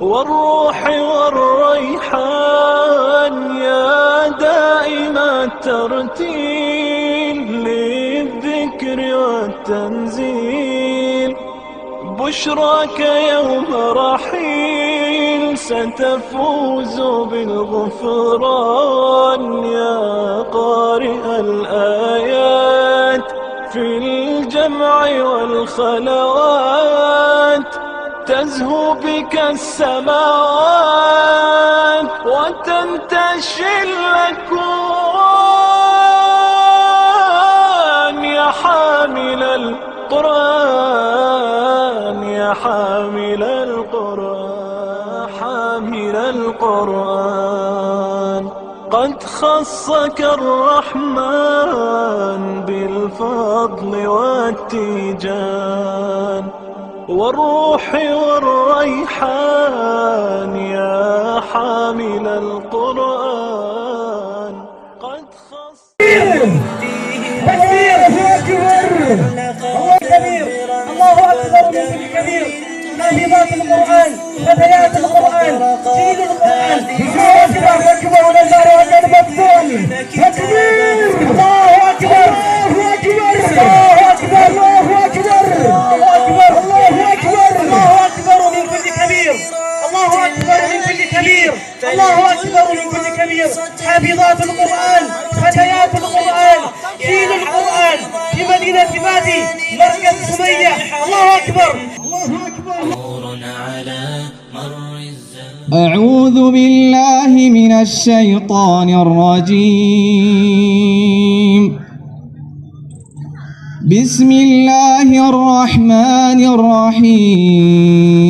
والروح والريحان يا دائم الترتيل للذكر والتنزيل بشراك يوم رحيل ستفوز بالغفران يا قارئ الآيات في الجمع والخلوات تزهو بك السماوات وتنتشي الأكوان يا حامل القرآن يا حامل القرآن حامل القرآن قد خصك الرحمن بالفضل والتيجان والروح والريحان يا حامل القرآن قد خص الله أكبر الله الله أكبر من الكبير نافذات القرآن بدايات القرآن سيد القرآن الله أكبر أكبر ونزل وكلمة مكبول تكبير الله أكبر الله أكبر الله أكبر لكل كبير حافظات القرآن فتيات القرآن جيل القرآن في مدينة مادي مركز سمية الله أكبر الله أكبر على مر أعوذ بالله من الشيطان الرجيم بسم الله الرحمن الرحيم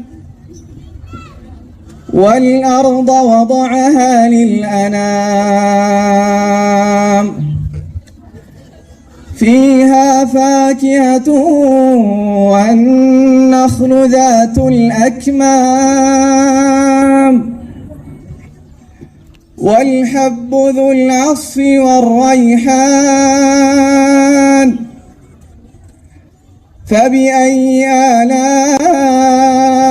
والأرض وضعها للأنام فيها فاكهة والنخل ذات الأكمام والحب ذو العصف والريحان فبأي آلام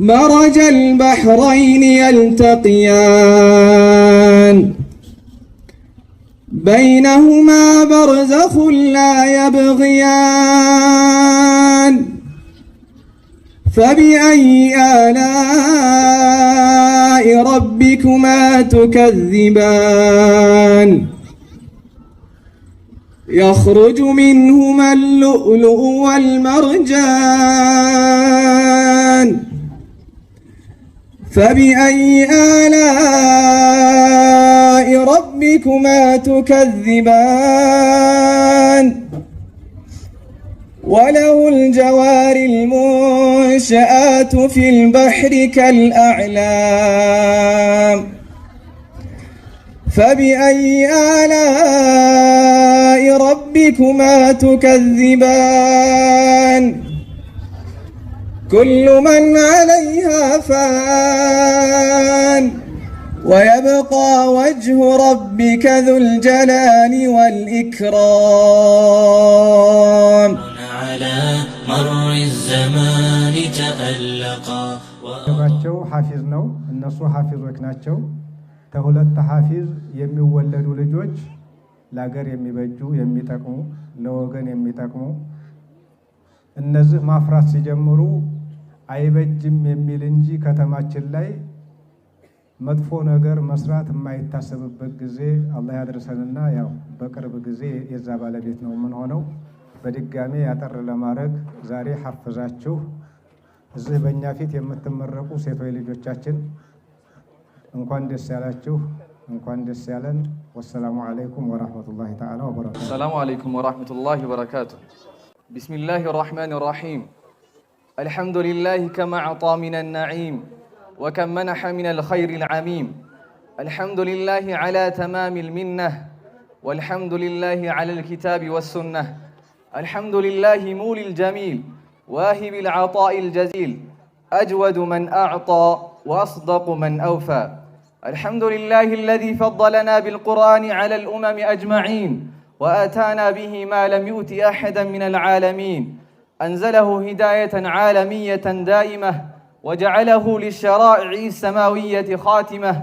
مرج البحرين يلتقيان بينهما برزخ لا يبغيان فبأي آلاء ربكما تكذبان يخرج منهما اللؤلؤ والمرجان فبأي آلاء ربكما تكذبان وله الجوار المنشآت في البحر كالأعلام فبأي آلاء ربكما تكذبان كل من عليها فان ويبقى وجه ربك ذو الجلال والإكرام على مر الزمان تألقا ናቸው ሐፊዝ ነው። እነሱ ሐፊዞች ናቸው። ከሁለት ሐፊዝ የሚወለዱ ልጆች ለሀገር የሚበጁ የሚጠቅሙ፣ ለወገን የሚጠቅሙ እነዚህ ማፍራት ሲጀምሩ አይበጅም የሚል እንጂ ከተማችን ላይ መጥፎ ነገር መስራት የማይታሰብበት ጊዜ አላህ ያድርሰንና ያው በቅርብ ጊዜ የዛ ባለቤት ነው የምንሆነው። በድጋሜ ያጠር ለማድረግ ዛሬ ሐፍዛችሁ እዚህ በእኛ ፊት የምትመረቁ ሴቶች ልጆቻችን እንኳን ደስ ያላችሁ፣ እንኳን ደስ ያለን። ወሰላሙ አለይኩም ወራህመቱላሂ ተዓላ ወበረካቱ። ሰላሙ አለይኩም ወራህመቱላሂ ወበረካቱ። ቢስሚላሂ ራህማን ራሂም الحمد لله كما أعطى من النعيم وكم منح من الخير العميم الحمد لله على تمام المنة والحمد لله على الكتاب والسنة الحمد لله مولي الجميل واهب العطاء الجزيل أجود من أعطى وأصدق من أوفى الحمد لله الذي فضلنا بالقرآن على الأمم أجمعين وآتانا به ما لم يؤت أحدا من العالمين أنزله هداية عالمية دائمة وجعله للشرائع السماوية خاتمة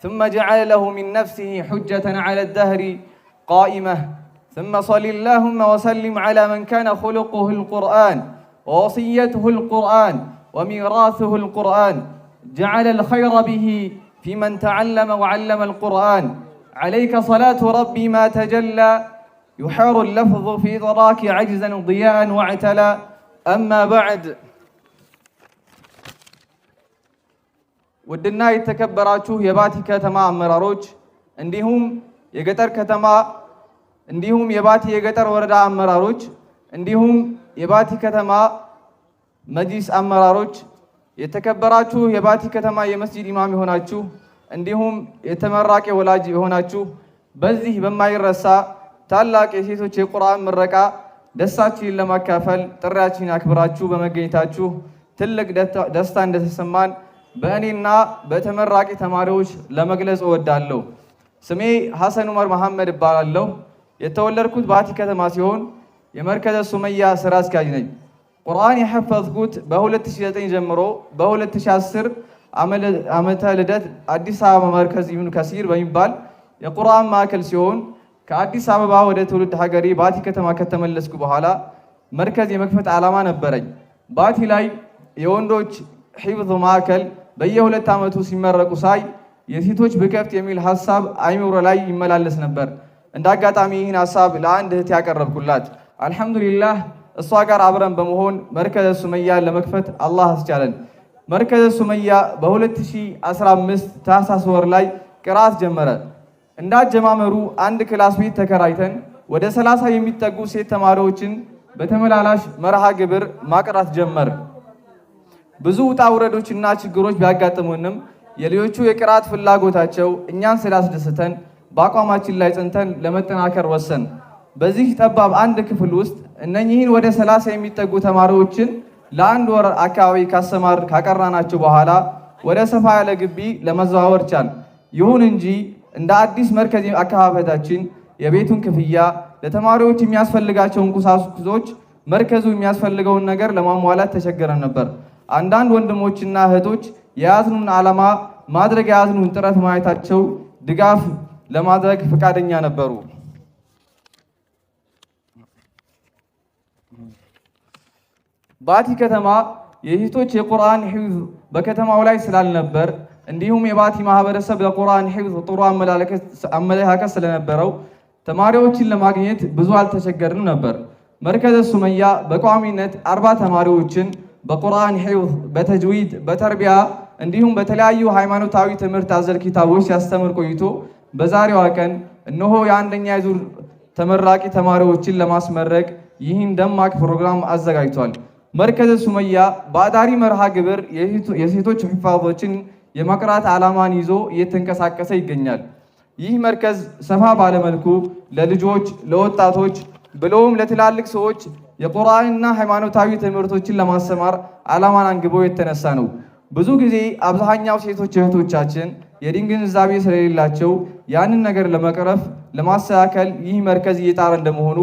ثم جعل له من نفسه حجة على الدهر قائمة ثم صل اللهم وسلم على من كان خلقه القرآن ووصيته القرآن وميراثه القرآن جعل الخير به في من تعلم وعلم القرآن عليك صلاة ربي ما تجلى يحار اللفظ في ذراك عجزا ضياء واعتلى أما بعد ውድና የተከበራችሁ የባቲ ከተማ አመራሮች እንዲሁም የገጠር ከተማ እንዲሁም የባቲ የገጠር ወረዳ አመራሮች እንዲሁም የባቲ ከተማ መጅሊስ አመራሮች የተከበራችሁ የባቲ ከተማ የመስጂድ ኢማም የሆናችሁ እንዲሁም የተመራቂ ወላጅ የሆናችሁ በዚህ በማይረሳ ታላቅ የሴቶች የቁርአን ምረቃ ደስታችንን ለማካፈል ጥሪያችንን አክብራችሁ በመገኘታችሁ ትልቅ ደስታ እንደተሰማን በእኔና በተመራቂ ተማሪዎች ለመግለጽ እወዳለሁ። ስሜ ሐሰን ዑመር መሐመድ እባላለሁ። የተወለድኩት ባቲ ከተማ ሲሆን የመርከዘ ሱመያ ስራ አስኪያጅ ነኝ። ቁርአን የሐፈዝኩት በ2009 ጀምሮ በ2010 ዓመተ ልደት አዲስ አበባ መርከዝ ኢብኑ ከሲር በሚባል የቁርአን ማዕከል ሲሆን ከአዲስ አበባ ወደ ትውልድ ሀገሬ ባቲ ከተማ ከተመለስኩ በኋላ መርከዝ የመክፈት ዓላማ ነበረኝ። ባቲ ላይ የወንዶች ሒፍዝ ማዕከል በየሁለት ዓመቱ ሲመረቁ ሳይ የሴቶች ብከፍት የሚል ሀሳብ አይምሮ ላይ ይመላለስ ነበር። እንደ አጋጣሚ ይህን ሀሳብ ለአንድ እህት ያቀረብኩላት፣ አልሐምዱሊላህ እሷ ጋር አብረን በመሆን መርከዘ ሱመያ ለመክፈት አላህ አስቻለን። መርከዘ ሱመያ በ2015 ታህሳስ ወር ላይ ቅራት ጀመረ። እንዳጀማመሩ አንድ ክላስ ቤት ተከራይተን ወደ 30 የሚጠጉ ሴት ተማሪዎችን በተመላላሽ መርሃ ግብር ማቅራት ጀመር። ብዙ ውጣ ውረዶችና ችግሮች ቢያጋጥሙንም የልጆቹ የቅራት ፍላጎታቸው እኛን ስላስደስተን በአቋማችን ላይ ጽንተን ለመጠናከር ወሰን። በዚህ ጠባብ አንድ ክፍል ውስጥ እነኚህን ወደ 30 የሚጠጉ ተማሪዎችን ለአንድ ወር አካባቢ ካሰማር ካቀራናቸው በኋላ ወደ ሰፋ ያለ ግቢ ለመዘዋወር ቻል። ይሁን እንጂ እንደ አዲስ መርከዝ አከፋፈታችን የቤቱን ክፍያ ለተማሪዎች የሚያስፈልጋቸውን ቁሳቁሶች መርከዙ የሚያስፈልገውን ነገር ለማሟላት ተቸገረን ነበር። አንዳንድ ወንድሞችና እህቶች የያዝኑን ዓላማ ማድረግ የያዝኑን ጥረት ማየታቸው ድጋፍ ለማድረግ ፈቃደኛ ነበሩ። ባቲ ከተማ የሴቶች የቁርአን ሒፍዝ በከተማው ላይ ስላልነበር እንዲሁም የባቲ ማህበረሰብ ለቁርአን ሒፍዝ ጥሩ አመለካከት ስለነበረው ተማሪዎችን ለማግኘት ብዙ አልተቸገርንም ነበር። መርከዘ ሱመያ በቋሚነት አርባ ተማሪዎችን በቁርአን ሒፍዝ፣ በተጅዊድ፣ በተርቢያ እንዲሁም በተለያዩ ሃይማኖታዊ ትምህርት አዘል ኪታቦች ሲያስተምር ቆይቶ በዛሬዋ ቀን እነሆ የአንደኛ ዙር ተመራቂ ተማሪዎችን ለማስመረቅ ይህን ደማቅ ፕሮግራም አዘጋጅቷል። መርከዘ ሱመያ በአዳሪ መርሃ ግብር የሴቶች ሑፋዞችን የመቅራት ዓላማን ይዞ እየተንቀሳቀሰ ይገኛል። ይህ መርከዝ ሰፋ ባለመልኩ ለልጆች፣ ለወጣቶች ብለውም ለትላልቅ ሰዎች የቁርአንና ሃይማኖታዊ ትምህርቶችን ለማስተማር ዓላማን አንግቦ የተነሳ ነው። ብዙ ጊዜ አብዛኛው ሴቶች እህቶቻችን የዲን ግንዛቤ ስለሌላቸው ያንን ነገር ለመቅረፍ ለማስተካከል ይህ መርከዝ እየጣረ እንደመሆኑ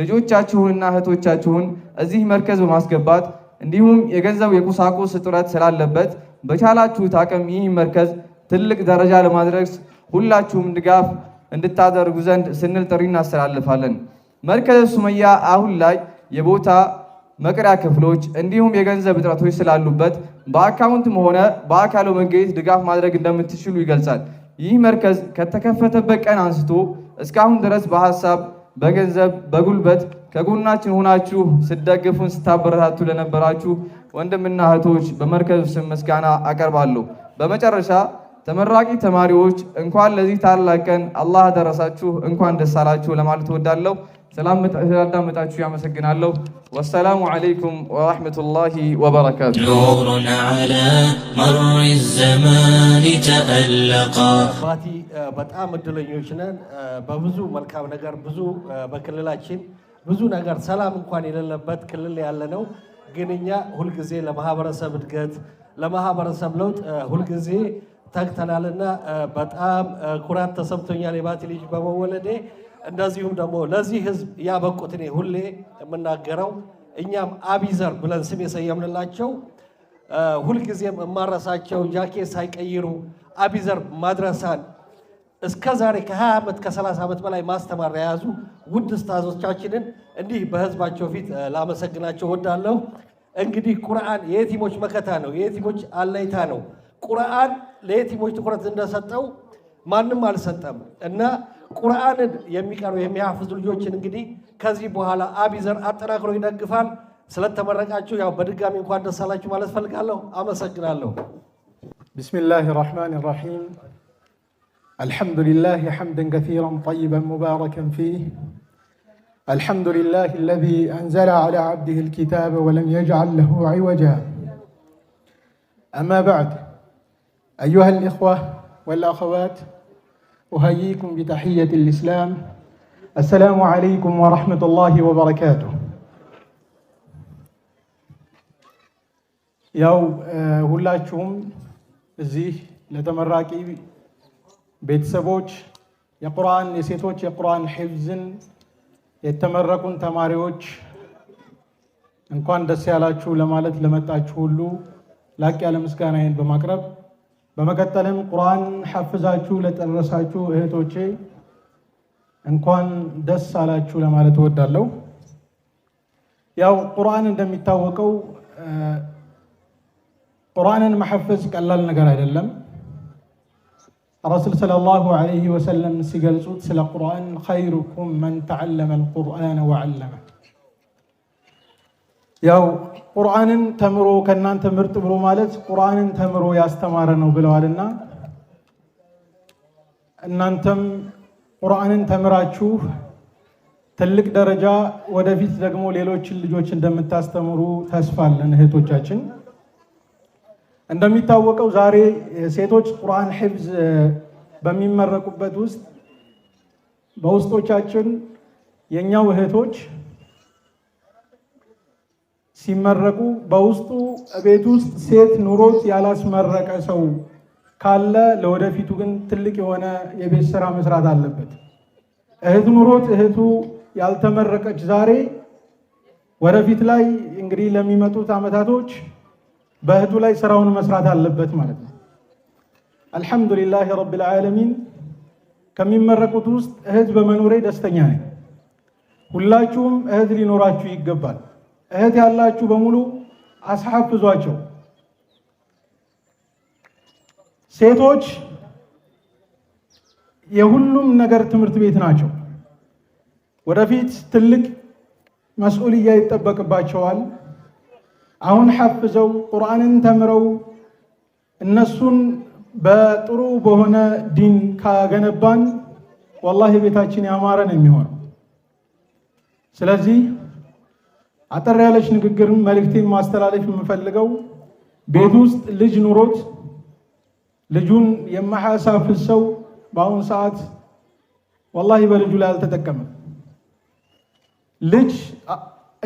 ልጆቻችሁንና እህቶቻችሁን እዚህ መርከዝ በማስገባት እንዲሁም የገንዘብ የቁሳቁስ እጥረት ስላለበት በቻላችሁት አቅም ይህ መርከዝ ትልቅ ደረጃ ለማድረግ ሁላችሁም ድጋፍ እንድታደርጉ ዘንድ ስንል ጥሪ እናስተላልፋለን። መርከዝ ሱመያ አሁን ላይ የቦታ መቅሪያ ክፍሎች እንዲሁም የገንዘብ እጥረቶች ስላሉበት በአካውንትም ሆነ በአካል መገኘት ድጋፍ ማድረግ እንደምትችሉ ይገልጻል። ይህ መርከዝ ከተከፈተበት ቀን አንስቶ እስካሁን ድረስ በሀሳብ፣ በገንዘብ፣ በጉልበት ከጎናችን ሆናችሁ ስደግፉን፣ ስታበረታቱ ለነበራችሁ ወንድምና እህቶች በመርከዙ ስም ምስጋና አቀርባለሁ። በመጨረሻ ተመራቂ ተማሪዎች እንኳን ለዚህ ታላቅ ቀን አላህ አደረሳችሁ፣ እንኳን ደስ አላችሁ ለማለት እወዳለሁ። ስላዳመጣችሁ ያመሰግናለሁ። ወሰላሙ ዓለይኩም ወራህመቱላሂ ወበረካቱ። ኑሩን ዓላ መሪ ዘማን ተአለቃ ባቲ በጣም እድለኞች ነን። በብዙ መልካም ነገር ብዙ በክልላችን ብዙ ነገር ሰላም እንኳን የሌለበት ክልል ያለ ነው። ግን እኛ ሁልጊዜ ለማህበረሰብ እድገት፣ ለማህበረሰብ ለውጥ ሁልጊዜ ተግተናልና በጣም ኩራት ተሰምቶኛል የባቲ ልጅ በመወለዴ እንደዚሁም ደግሞ ለዚህ ህዝብ ያበቁት እኔ ሁሌ የምናገረው እኛም አቢዘር ብለን ስም የሰየምንላቸው ሁልጊዜም የማረሳቸው ጃኬት ሳይቀይሩ አቢዘር ማድረሳን እስከ ዛሬ ከ20 ዓመት ከ30 ዓመት በላይ ማስተማር የያዙ ውድ ስታዞቻችንን እንዲህ በህዝባቸው ፊት ላመሰግናቸው ወዳለሁ። እንግዲህ ቁርአን የየቲሞች መከታ ነው፣ የየቲሞች አለይታ ነው። ቁርአን ለየቲሞች ትኩረት እንደሰጠው ማንም አልሰጠም እና ቁርአንን የሚቀሩ የሚያፍዙ ልጆችን እንግዲህ ከዚህ በኋላ አቢዘር አጠናክሮ ይደግፋል። ስለተመረቃችሁ ያው በድጋሚ እንኳን ደስ አላችሁ ማለት ፈልጋለሁ። አመሰግናለሁ። ቢስሚላህ ራህማን ራሂም الحمد لله حمدا كثيرا طيبا مباركا فيه الحمد لله الذي أنزل على عبده الكتاب ولم يجعل له عوجا أما بعد أيها الإخوة والأخوات أهيئكم بتحية الإسلام السلام عليكم ورحمة الله وبركاته يا ሁላችሁም زي لتمراكي ቤተሰቦች የቁርአን የሴቶች የቁርአን ሒፍዝን የተመረቁን ተማሪዎች እንኳን ደስ ያላችሁ ለማለት ለመጣችሁ ሁሉ ላቅ ያለ ምስጋናዬን በማቅረብ በመቀጠልም ቁርአን ሐፍዛችሁ ለጠረሳችሁ እህቶቼ እንኳን ደስ አላችሁ ለማለት እወዳለሁ። ያው ቁርአን እንደሚታወቀው ቁርአንን መሐፈዝ ቀላል ነገር አይደለም። ረሱል ሰለላሁ ዓለይሂ ወሰለም ሲገልጹት ስለ ቁርአን ኸይሩኩም መን ተዓለመ አልቁርአነ ወዓለመ። ያው ቁርአንን ተምሮ ከእናንተ ምርጥ ብሎ ማለት ቁርአንን ተምሮ ያስተማረ ነው ብለዋልና እናንተም ቁርአንን ተምራችሁ ትልቅ ደረጃ ወደፊት ደግሞ ሌሎችን ልጆች እንደምታስተምሩ ተስፋ አለን እህቶቻችን። እንደሚታወቀው ዛሬ ሴቶች ቁርአን ሒፍዝ በሚመረቁበት ውስጥ በውስጦቻችን የእኛው እህቶች ሲመረቁ በውስጡ ቤት ውስጥ ሴት ኑሮት ያላስመረቀ ሰው ካለ ለወደፊቱ ግን ትልቅ የሆነ የቤት ስራ መስራት አለበት። እህት ኑሮት እህቱ ያልተመረቀች ዛሬ ወደፊት ላይ እንግዲህ ለሚመጡት አመታቶች በእህቱ ላይ ስራውን መስራት አለበት ማለት ነው። አልሐምዱሊላህ ረብል ዓለሚን ከሚመረቁት ውስጥ እህት በመኖሬ ደስተኛ ነኝ። ሁላችሁም እህት ሊኖራችሁ ይገባል። እህት ያላችሁ በሙሉ አስሐፍዟቸው። ሴቶች የሁሉም ነገር ትምህርት ቤት ናቸው። ወደፊት ትልቅ መስኡልያ ይጠበቅባቸዋል። አሁን ሐፍዘው ቁርአንን ተምረው እነሱን በጥሩ በሆነ ዲን ካገነባን ወላሂ ቤታችን ያማረ ነው የሚሆነው። ስለዚህ አጠር ያለች ንግግር መልእክቴን ማስተላለፍ የምፈልገው ቤት ውስጥ ልጅ ኑሮት ልጁን የማያሳፍዝ ሰው በአሁኑ ሰዓት ወላሂ በልጁ ላይ አልተጠቀመም ልጅ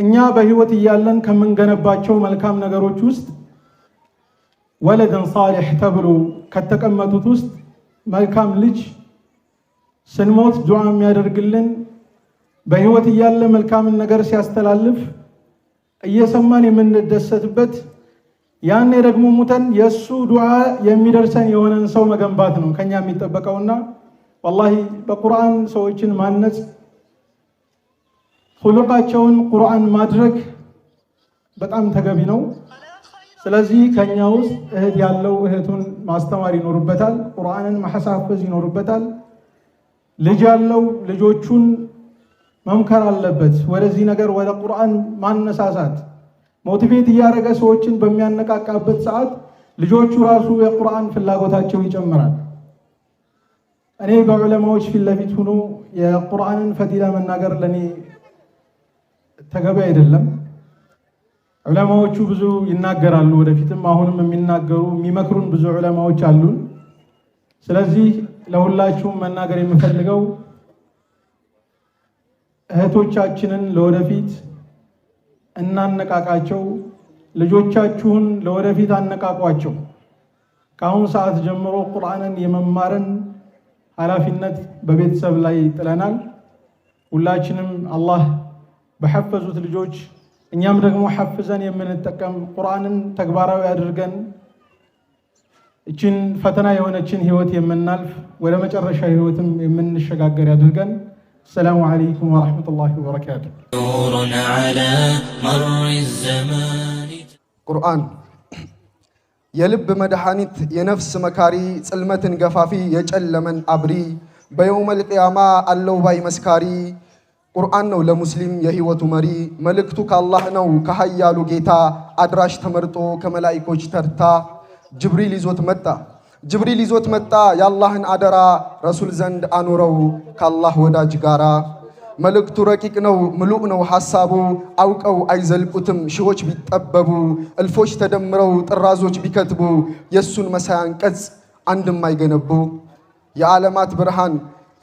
እኛ በህይወት እያለን ከምንገነባቸው መልካም ነገሮች ውስጥ ወለደን ሳሊሕ ተብሎ ከተቀመጡት ውስጥ መልካም ልጅ ስንሞት ዱዓ የሚያደርግልን በህይወት እያለ መልካምን ነገር ሲያስተላልፍ እየሰማን የምንደሰትበት ያኔ ደግሞ ሙተን የእሱ ዱዓ የሚደርሰን የሆነን ሰው መገንባት ነው ከኛ የሚጠበቀውና ወላሂ በቁርአን ሰዎችን ማነጽ ሁሉቃቸውን ቁርአን ማድረግ በጣም ተገቢ ነው። ስለዚህ ከኛ ውስጥ እህት ያለው እህቱን ማስተማር ይኖርበታል። ቁርአንን ማሐሳፈዝ ይኖርበታል። ልጅ ያለው ልጆቹን መምከር አለበት። ወደዚህ ነገር ወደ ቁርአን ማነሳሳት ሞቲቬት እያደረገ ሰዎችን በሚያነቃቃበት ሰዓት ልጆቹ ራሱ የቁርአን ፍላጎታቸው ይጨምራል። እኔ በዑለማዎች ፊት ለፊት ሆኖ የቁርአንን ፈዲላ መናገር ለእኔ ተገቢ አይደለም። ዑለማዎቹ ብዙ ይናገራሉ። ወደፊትም አሁንም የሚናገሩ የሚመክሩን ብዙ ዑለማዎች አሉን። ስለዚህ ለሁላችሁም መናገር የምፈልገው እህቶቻችንን ለወደፊት እናነቃቃቸው። ልጆቻችሁን ለወደፊት አነቃቋቸው። ከአሁን ሰዓት ጀምሮ ቁርአንን የመማርን ኃላፊነት በቤተሰብ ላይ ጥለናል። ሁላችንም አላህ በሐፈዙት ልጆች እኛም ደግሞ ሐፍዘን የምንጠቀም ቁርአንን ተግባራዊ አድርገን እችን ፈተና የሆነችን ህይወት የምናልፍ ወደ መጨረሻ ህይወትም የምንሸጋገር ያድርገን። አሰላሙ ዓለይኩም ወረሕመቱላሂ ወበረካቱ። ቁርአን የልብ መድኃኒት፣ የነፍስ መካሪ፣ ጽልመትን ገፋፊ፣ የጨለመን አብሪ፣ በየውመል ቅያማ አለው ባይ መስካሪ ቁርአን ነው ለሙስሊም የህይወቱ መሪ። መልእክቱ ከአላህ ነው ከሀያሉ ጌታ። አድራሽ ተመርጦ ከመላይኮች ተርታ ጅብሪል ይዞት መጣ። ጅብሪል ይዞት መጣ የአላህን አደራ ረሱል ዘንድ አኖረው ከአላህ ወዳጅ ጋራ። መልእክቱ ረቂቅ ነው ምሉእ ነው ሐሳቡ። አውቀው አይዘልቁትም ሺዎች ቢጠበቡ፣ እልፎች ተደምረው ጥራዞች ቢከትቡ፣ የእሱን መሳያን ቀጽ አንድም አይገነቡ። የዓለማት ብርሃን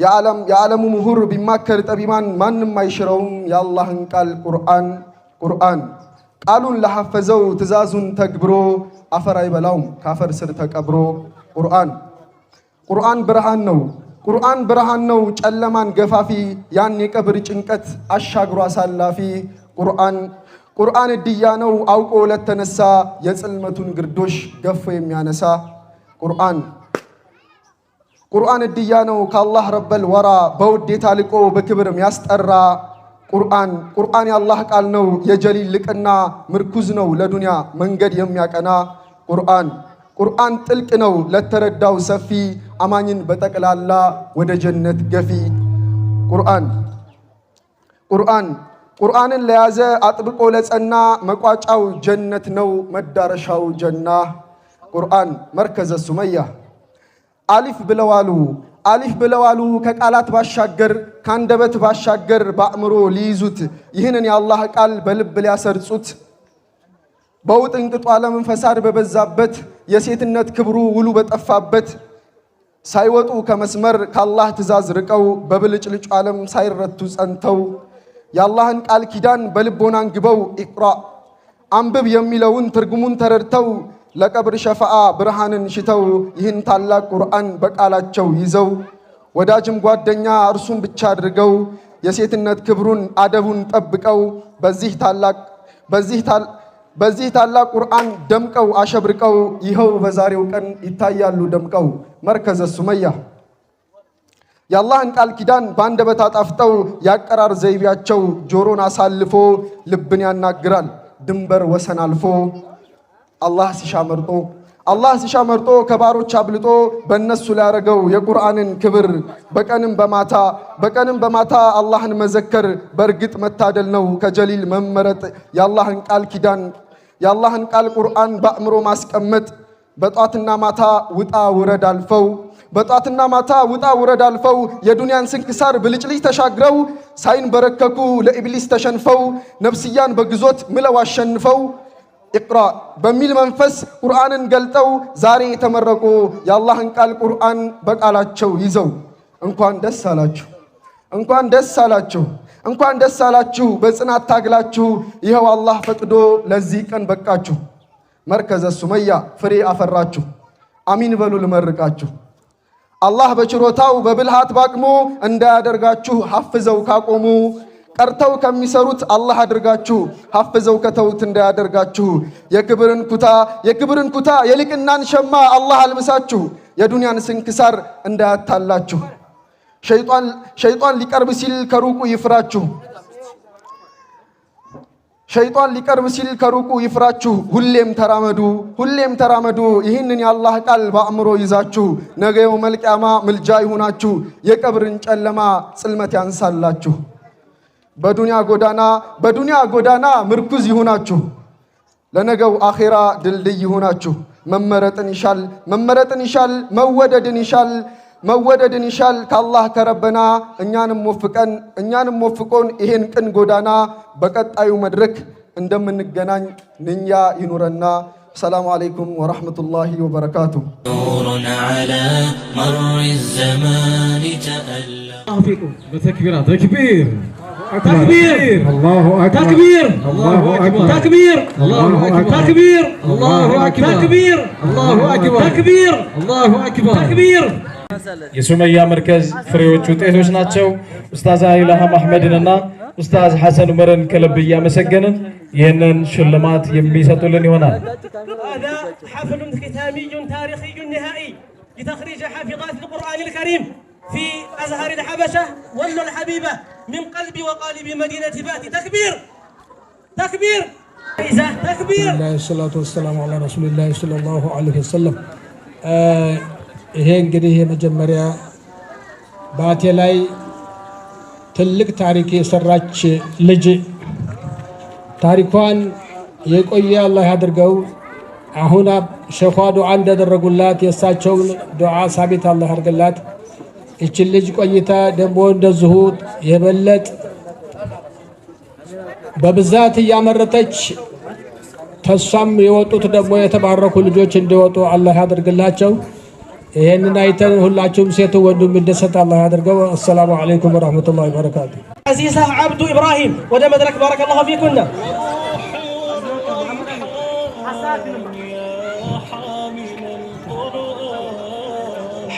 የዓለሙ ምሁር ቢማከር ጠቢባን ማንም አይሽረውም የአላህን ቃል ቁርአን ቁርአን ቃሉን ለሐፈዘው ትእዛዙን ተግብሮ አፈር አይበላውም ከአፈር ስር ተቀብሮ ቁርአን ቁርአን ብርሃን ነው ቁርአን ብርሃን ነው ጨለማን ገፋፊ ያን የቀብር ጭንቀት አሻግሮ አሳላፊ ቁርአን ቁርአን እድያ ነው አውቆ ለተነሳ የጽልመቱን ግርዶሽ ገፎ የሚያነሳ ቁርአን ቁርአን እድያ ነው ከአላህ ረበል ወራ በውዴታ ልቆ በክብር የሚያስጠራ ቁርአን ቁርአን የአላህ ቃል ነው የጀሊል ልቅና ምርኩዝ ነው ለዱንያ መንገድ የሚያቀና ቁርአን ቁርአን ጥልቅ ነው ለተረዳው ሰፊ አማኝን በጠቅላላ ወደ ጀነት ገፊ ቁርአን ቁርአን ቁርአንን ለያዘ አጥብቆ ለጸና መቋጫው ጀነት ነው መዳረሻው ጀና ቁርአን መርከዘ ሱመያ አሊፍ ብለዋሉ። አሊፍ ብለዋሉ ከቃላት ባሻገር ከአንደበት ባሻገር በአእምሮ ሊይዙት ይህንን የአላህ ቃል በልብ ሊያሰርጹት በውጥንቅጡ ዓለም ፈሳድ በበዛበት የሴትነት ክብሩ ውሉ በጠፋበት ሳይወጡ ከመስመር ከአላህ ትእዛዝ ርቀው በብልጭልጩ ዓለም ሳይረቱ ጸንተው የአላህን ቃል ኪዳን በልቦና አንግበው ኢቅራ አንብብ የሚለውን ትርጉሙን ተረድተው ለቀብር ሸፈዓ ብርሃንን ሽተው ይህን ታላቅ ቁርአን በቃላቸው ይዘው ወዳጅም ጓደኛ እርሱን ብቻ አድርገው የሴትነት ክብሩን አደቡን ጠብቀው በዚህ ታላቅ ቁርአን ደምቀው አሸብርቀው ይኸው በዛሬው ቀን ይታያሉ ደምቀው መርከዘ ሱመያ የአላህን ቃል ኪዳን በአንደበት አጣፍጠው የአቀራር ዘይቤያቸው ጆሮን አሳልፎ ልብን ያናግራል ድንበር ወሰን አልፎ አላህ ሲሻ መርጦ አላህ ሲሻ መርጦ ከባሮች አብልጦ በእነሱ ያደረገው የቁርአንን ክብር በቀንም በማታ በቀንም በማታ አላህን መዘከር በእርግጥ መታደል ነው። ከጀሊል መመረጥ የአላህን ቃል ኪዳን የአላህን ቃል ቁርአን በአእምሮ ማስቀመጥ በጧትና ማታ ውጣ ውረድ አልፈው በጧትና ማታ ውጣ ውረድ አልፈው የዱንያን ስንክሳር ብልጭልጭ ተሻግረው ሳይንበረከኩ ለኢብሊስ ተሸንፈው ነፍስያን በግዞት ምለው አሸንፈው ኢቅራ በሚል መንፈስ ቁርአንን ገልጠው ዛሬ የተመረቁ የአላህን ቃል ቁርአን በቃላቸው ይዘው እንኳን ደስ አላችሁ፣ እንኳን ደስ አላችሁ፣ እንኳን ደስ አላችሁ። በጽናት ታግላችሁ ይኸው አላህ ፈቅዶ ለዚህ ቀን በቃችሁ። መርከዘ ሱመያ ፍሬ አፈራችሁ። አሚን በሉ ልመርቃችሁ። አላህ በችሮታው በብልሃት ባቅሙ እንዳያደርጋችሁ ሐፍዘው ካቆሙ ቀርተው ከሚሰሩት አላህ አድርጋችሁ ሀፍዘው ከተውት እንዳያደርጋችሁ። የክብርን ኩታ የክብርን ኩታ የልቅናን ሸማ አላህ አልብሳችሁ የዱንያን ስንክሳር እንዳያታላችሁ። ሸይጧን ሊቀርብ ሲል ከሩቁ ይፍራችሁ። ሸይጧን ሊቀርብ ሲል ከሩቁ ይፍራችሁ። ሁሌም ተራመዱ ሁሌም ተራመዱ። ይህንን የአላህ ቃል በአእምሮ ይዛችሁ ነገየው መልቅያማ ምልጃ ይሁናችሁ። የቀብርን ጨለማ ጽልመት ያንሳላችሁ። በዱንያ ጎዳና በዱንያ ጎዳና ምርኩዝ ይሁናችሁ፣ ለነገው አኼራ ድልድይ ይሁናችሁ። መመረጥን ይሻል መመረጥን ይሻል መወደድን ይሻል መወደድን ይሻል ከአላህ ከረበና እኛንም ወፍቀን እኛንም ወፍቆን ይሄን ቅን ጎዳና በቀጣዩ መድረክ እንደምንገናኝ ንኛ ይኑረና። ሰላሙ አለይኩም ወረሕመቱላሂ ወበረካቱ። በተክቢራ ተክቢር تكبير الله اكبر تكبير الله اكبر تكبير الله اكبر تكبير الله اكبر تكبير الله اكبر تكبير الله اكبر تكبير يسمي يا مركز فريوتش وتيتوش ناتشو استاذ ايلها محمد استاذ حسن مرن كلب يا مسجن ينن شلمات يميساتو لني هنا هذا حفل ختامي تاريخي نهائي لتخريج حافظات القران الكريم في أزهر الحبشة ولوا الحبيبة من قلب وقالب مدينة فاتي تكبير تكبير تكبير الله الصلاة والسلام على رسول الله صلى الله عليه وسلم ይሄ آه، إيه إيه تلك تاريكي سراج لجي تاريكوان يقول يا الله هادر قو أهنا شخوا دعان ሸኳ رقلات يساة شون دعا ሳቢት الله ያድርግላት። ይችን ልጅ ቆይታ ደግሞ እንደዚሁ የበለጥ በብዛት እያመረተች ተሷም የወጡት ደግሞ የተባረኩ ልጆች እንዲወጡ አላህ ያደርግላቸው። ይህንን አይተን ሁላችሁም ሴቱ ወንዱም እንደሰጥ አላህ ያደርገው። አሰላሙ አለይኩም ወረሕመቱላሂ ወበረካቱ። አዚዝ አብዱ ኢብራሂም ወደ መድረክ ባረከ ፊኩና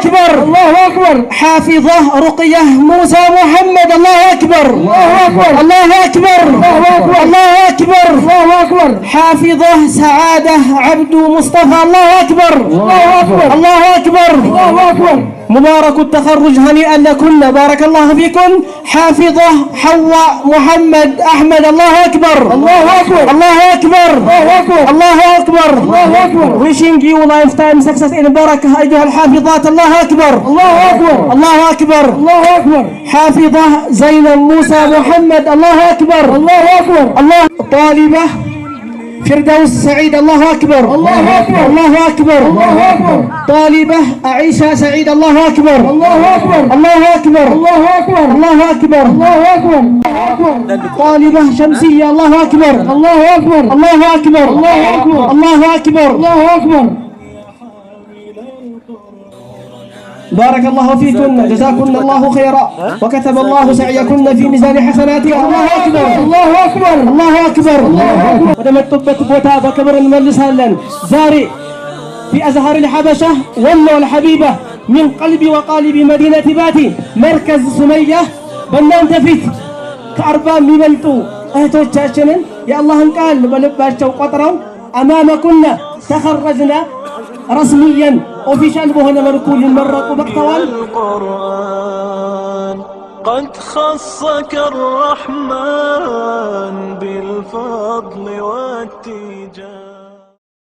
أكبر الله أكبر حافظة رقية موسى محمد الله أكبر الله أكبر الله أكبر الله أكبر الله أكبر حافظة سعادة عبد مصطفى الله أكبر الله أكبر الله أكبر الله أكبر مبارك التخرج هنيئا لكن بارك الله فيكم حافظة حواء محمد أحمد الله أكبر الله أكبر الله أكبر الله أكبر الله أكبر الله أكبر wishing you lifetime success in بركة أيها الحافظات الله أكبر الله أكبر الله أكبر الله أكبر حافظة زينب موسى محمد الله أكبر الله أكبر الله طالبة فردوس سعيد الله أكبر الله أكبر الله أكبر الله أكبر طالبة عيشة سعيد الله أكبر الله أكبر الله أكبر الله أكبر الله أكبر الله أكبر طالبة شمسية الله أكبر الله أكبر الله أكبر الله أكبر الله أكبر الله أكبر بارك الله فيكن جزاكن الله خيرا وكتب الله سعيكن في ميزان حسناتها الله أكبر الله أكبر الله أكبر بوتا بكبر በክብር እንመልሳለን زاري في أزهار الحبشة والله الحبيبة من قلبي وقالب مدينة باتي مركز سمية بنان تفيت በእናንተ ميبلتو اهتو تشاشنن يا الله ቃል بلباشو قطرو امامكن تخرجنا رسميا وفي شان بهنا مركول المرق وبقتوال القرآن قد خصك الرحمن بالفضل والتيجان